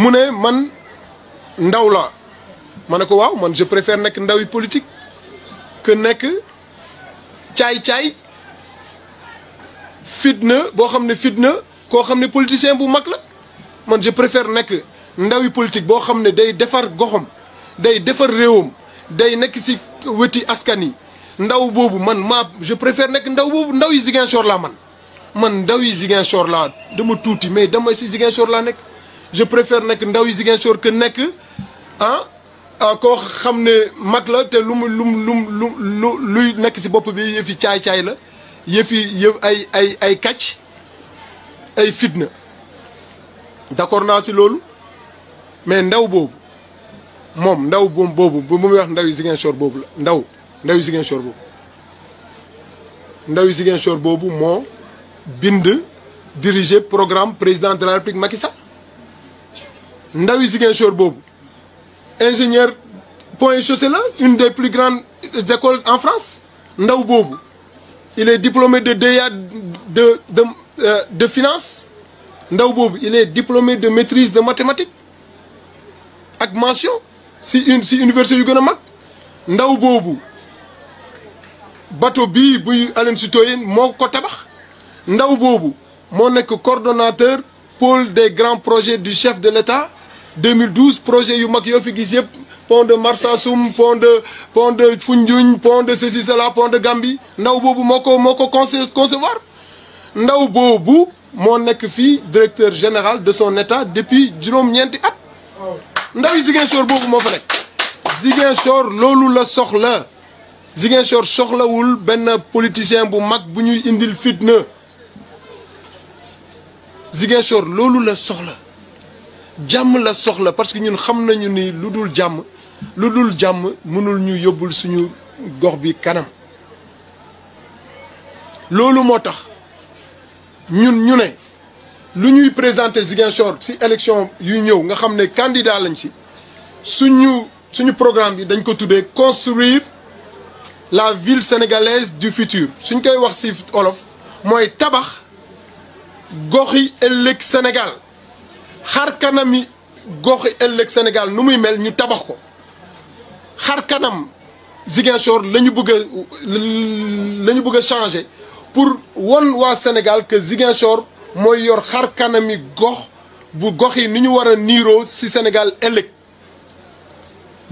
mu ne man ndaw la ma ne ko waaw man je préfère nekk ndawi politique que nekk caay-caay fitna boo xam ne fitna koo xam ne politicien bu mag la man je préfère nekk ndawi politique boo xam ne day defar goxom day defar réewam day nekk ci weti askan yi ndaw boobu man maa je préfère nekk ndaw boobu ndaw yi Ziguinchor laa man man ndaw yi Ziguinchor laa dama tuuti mais dama si Ziguinchor laa nekk je préfère nekk ndaw yi Ziguinchor que nekk ah, ah koo xam ne mag la te lu mu lu mu lu lu luy nekk si bopp bi yëfi caay-caay la yëfi yëf ay ay ay kàcc ay fitna d'accord naa si loolu mais ndaw boobu moom ndaw boobu bu muy wax ndaw yi Ziguinchor boobu la ndaw ndawi Ziguinchor boobu ndawi Ziguinchor boobu moo bind diriger programme président de la république Macky Sall ndawi Ziguinchor boobu ingénieur Pont et Chaussée la une des plus grandes écoles en France ndaw boobu il est diplômé de DEA de de euh, de finance ndaw boobu il est diplômé de maîtrise de mathématiques ak mention si une si université yu gën a mag ndaw boobu bateau bii buy Aline Sitoé moo ko tabax ndaw boobu moo nekk coordonnateur pôle des grands projets du chef de l'État 2012 projet yu mag yoo fi gis yëpp pont de Marsassoum pont de pont de Foundiougne pont de ceci cela pont de gambi ndaw boobu moo ko moo ko concevoir ndaw boobu moo nekk fii directeur général de son état depuis juróom-ñeenti at ndaw yi Ziguinchor boobu moo fa nekk Ziguinchor loolu la soxla Ziguinchor soxlawul benn politicien bu mag bu ñuy indil fitna Ziguinchor loolu la soxla jàmm la soxla parce que ñun xam nañu ni lu dul jàmm lu dul jàmm mënul ñu yóbbul suñu gox bi kanam loolu moo tax ñun ñu ne lu ñuy présenter Ziguinchor ci élection yu ñëw nga xam ne candidat lañ ci suñu suñu programme bi dañ ko tuddee construire la ville sénégalaise du futur suñ koy wax ci olof mooy tabax goxi ëllëg Sénégal xar kanami goxi ëllëg Sénégal nu muy mel ñu tabax ko xar kanam Ziguinchor lañu ñu lañu a la a changer pour won waa Sénégal que Ziguinchor mooy yor xar kanami gox bu gox yi ni ñu war a niiroo ci Sénégal ëllëg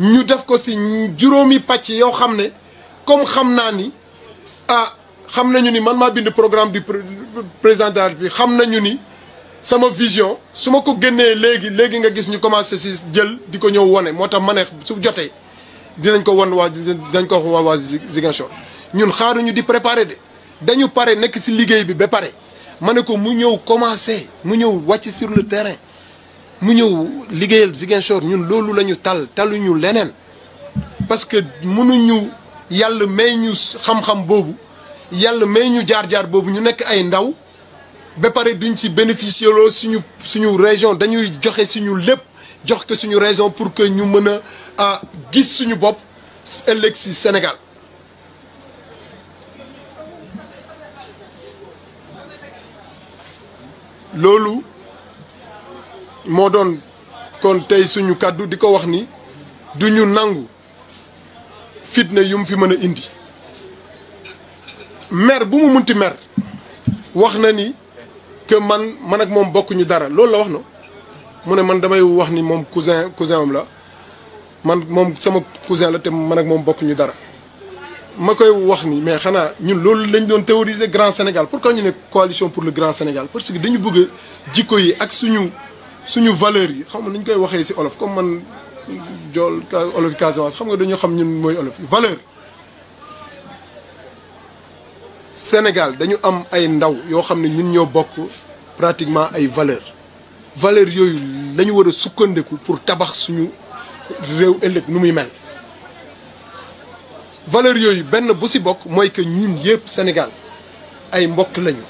ñu def ko ci juróomi pàcc yoo xam ne. comme xam naa ni ah xam nañu ni man maa bind programme du président bi la République xam nañu ni sama vision su ma ko génnee léegi léegi nga gis ñu commencé si jël di ko ñëw wone moo tax ma ne su jotee dinañ ko won waa dañ ko wax waa Ziguinchor ñun xaaruñu di préparer de dañu pare nekk si liggéey bi ba pare ma ne ko mu ñëw commencé mu ñëw wàcc sur le terrain mu ñëw liggéeyal Ziguinchor ñun loolu la ñu tal taluñu leneen parce que mënuñu. yàlla may ñu xam-xam boobu yàlla may ñu jaar-jaar boobu ñu nekk ay ndaw ba pare duñ ci bénéficier loo suñu suñu région dañuy joxe suñu lépp jox ko suñu région pour que ñu mën a gis suñu bopp ëllëg si Sénégal loolu moo doon kon tey suñu kàddu di ko wax ni duñu nangu fitna yu mu fi mën a indi mer bu mu munti mer wax na ni que man man ak moom ñu dara loolu la wax na mu ne man damay wax ni moom cousin cousin am la man moom sama cousin la te man ak moom bokkuñu dara ma koy wax ni mais xanaa ñun loolu lañ doon théoriser Grand Sénégal pourquoi ñu ne coalition pour le Grand Sénégal parce que dañu bëgg jikko yi ak suñu suñu valeurs yi xam nga ñu koy waxee si olof comme man jool olof yi Casamance xam nga dañoo xam ñun mooy olof yi valeur Sénégal dañu am ay ndaw yoo xam ne ñun ñoo bokk pratiquement ay valeur valeur yooyu lañu war a sukkandiku pour tabax suñu réew ëllëg nu muy mel valeur yooyu benn bu si bokk mooy que ñun yépp Sénégal ay mbokk lañu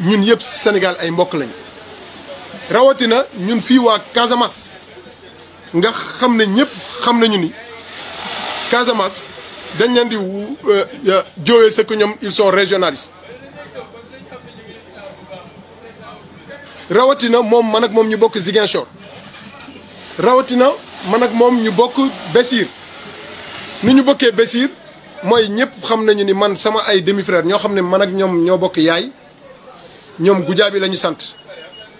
ñun yépp Sénégal ay mbokk lañu rawatina ñun fii waa Casamance nga xam ne ñëpp xam nañu ni Casamance dañ leen di euh, jooyee ce que ñoom ils rawatina moom mën ak moom ñu bokk Ziguinchor rawatina man ak moom ñu bokk Bessir nu ñu bokkee Bessir mooy ñëpp xam nañu ni man sama ay demi ñoo xam ne mën ak ñoom ñoo bokk yaay ñoom gujaa bi la sant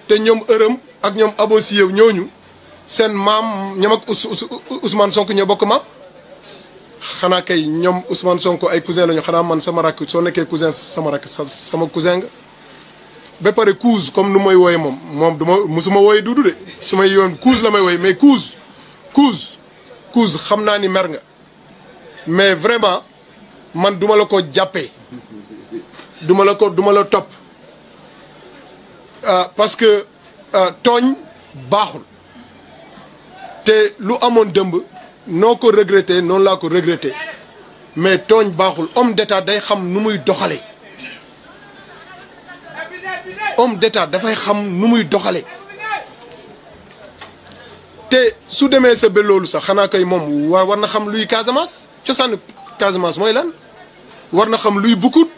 te ñoom ërëm ak ñoom abo siyew ñooñu seen maam ñoom ak Ousmane sonk ñoo bokk maam xanaa kay ñoom Ousmane sonk ay cousin lañu xanaa man sama rakk soo nekkee cousin sama rakk sama cousin nga ba pare cousin comme nu may wooye moom moom du ma musuma wooye de su may yoon cousin la may wooye mais cousin cousin cousin xam naa ni mer nga mais vraiment man duma la ko jàppee duma la ko duma la topp Euh, parce que euh, tooñ baaxul te lu amoon dëmb noo ko regretté noonu laa ko regretté mais tooñ baaxul homme d'état day xam nu muy doxale homme d'état dafay xam nu muy doxale te su demee sa ba loolu sax xanaa koy moom wa war na xam luy Casamance cosaanu Casamance mooy lan war na xam luy bukkut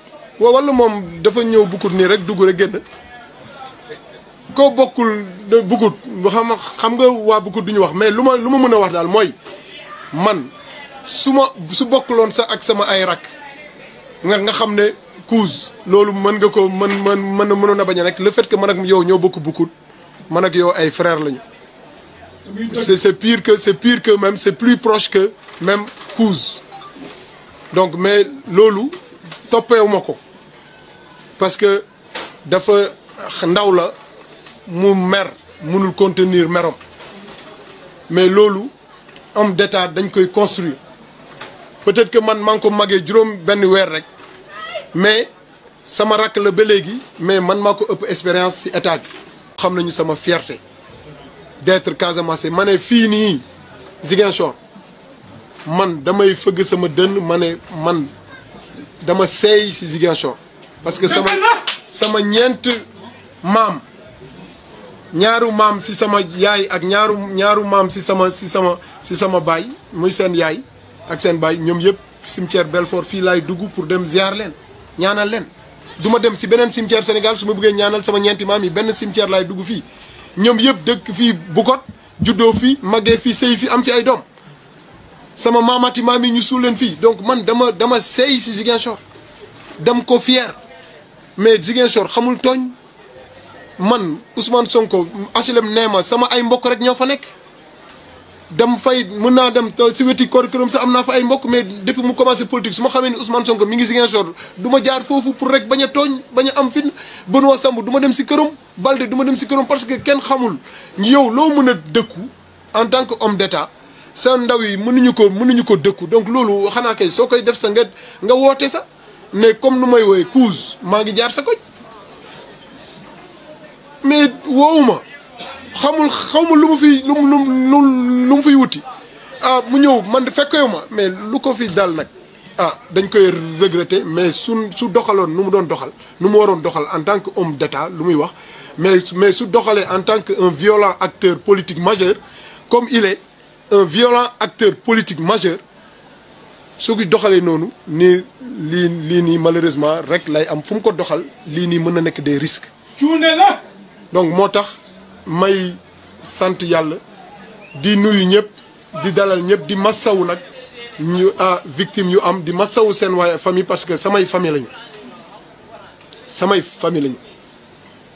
wala moom dafa ñëw bukkut nii rek dugg rek génn koo bokkul bugut xam xam nga waa bugut du ñu wax mais lu ma lu ma mën a wax daal mooy man su ma su bokkuloon sax ak sama ay rak nga xam ne cause loolu mën nga ko mën mën mën mënoon a bañ a le fait que man ak yow ñoo bokk bugut man ak yow ay frère lañu. c'est c'est pire que c'est pire que même c'est plus proche que même cause donc mais loolu toppeewuma ko parce que dafa ndaw la. mu mer mënul contenir merom mais loolu homme d'état dañ koy construire peut-être que man maa ngi ko magee juróom benn weer rek mais sama rakk la ba léegi mais man maa ko ëpp expérience ci état bi. xam nañu sama fierté d'être Casamance ma ne fii nii Ziguinchor man damay fëgg sama dënn ma ne man dama seey ci Ziguinchor parce que sama sama ñeent maam. ñaaru maam si sama yaay ak ñaaru ñaaru maam si sama si sama si sama baay muy seen yaay ak seen baay ñoom yëpp cimetière Belfort fii laay dugg pour dem ziar leen ñaanal leen. du ma dem si beneen cimetière Sénégal su ma bëggee ñaanal sama ñeenti maam yi benn cimetière laay dugg fii ñoom yëpp dëkk fii Bukot juddoo fii màggee fii sëy fii am fi ay doom sama maamati maam yi ñu suuleen fii donc man dama dama sëy si Ziguinchor dem ko fier mais Ziguinchor xamul tooñ. man Ousmane Sonko HLM nee ma sama ay mbokk rek ñoo fa nekk dem fay mun naa dem si weti koor këram sax am naa fa ay mbokk mais depuis mu commencé politique su ma xamee ni Ousmane Sonko mi ngi Ziguinchor du duma jaar foofu pour rek bañ a tooñ bañ am fin Benoît Sambou du ma dem si këram Balde duma dem si këram parce que kenn xamul yow loo mën a dëkku en tant que homme d'état sa ndaw yi mënuñu ko mënuñu ko dëkku donc loolu xanaa kay soo koy def sa nga nga woote sa ne comme nu may wooye couche maa ngi jaar sa koñ mais woowu ma xamul xaw ma lu mu fi lu mu lu lu mu fiy wuti ah mu ñëw man fekkee fekkewu ma mais lu ko fi daal nag ah dañ koy regretter mais su su doxaloon nu mu doon doxal nu mu waroon doxal en tant que homme d'État lu muy wax mais mais su doxalee en tant que un violent acteur politique majeur comme il est un violent acteur politique majeur su ki doxalee noonu nii lii lii nii malheureusement rek lay am fu mu ko doxal lii nii mën na nekk des risques. cuune la. donc moo tax may sant yàlla di nuyu ñëpp di dalal ñëpp di massawu nag ñu ah victime yu am di massawu seen waaye famille parce que samay famille lañu samay famille lañu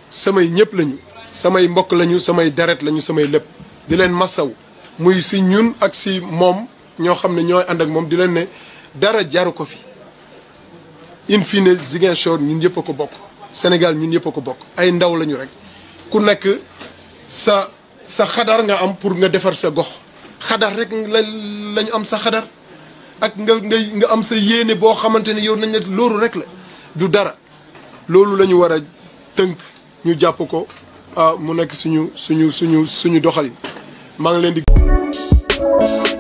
samay ñëpp lañu samay mbokk lañu samay deret lañu samay lépp di leen massawu muy si ñun ak si moom ñoo xam ne ñooy ànd ak moom di leen ne dara jaru ko fi in fine Ziguinchor ñun yëpp a ko bokk Sénégal ñun yëpp a ko bokk ay ndaw lañu rek ku nekk sa sa xadar nga am pour nga defar sa gox xadar rek la lañu am sa xadar ak nga ngay nga am sa yéene boo xamante ne yow nañ la loolu rek la du dara loolu la ñu war a tënk ñu jàpp ko ah, mu nekk suñu suñu suñu suñu doxalin maa ngi leen di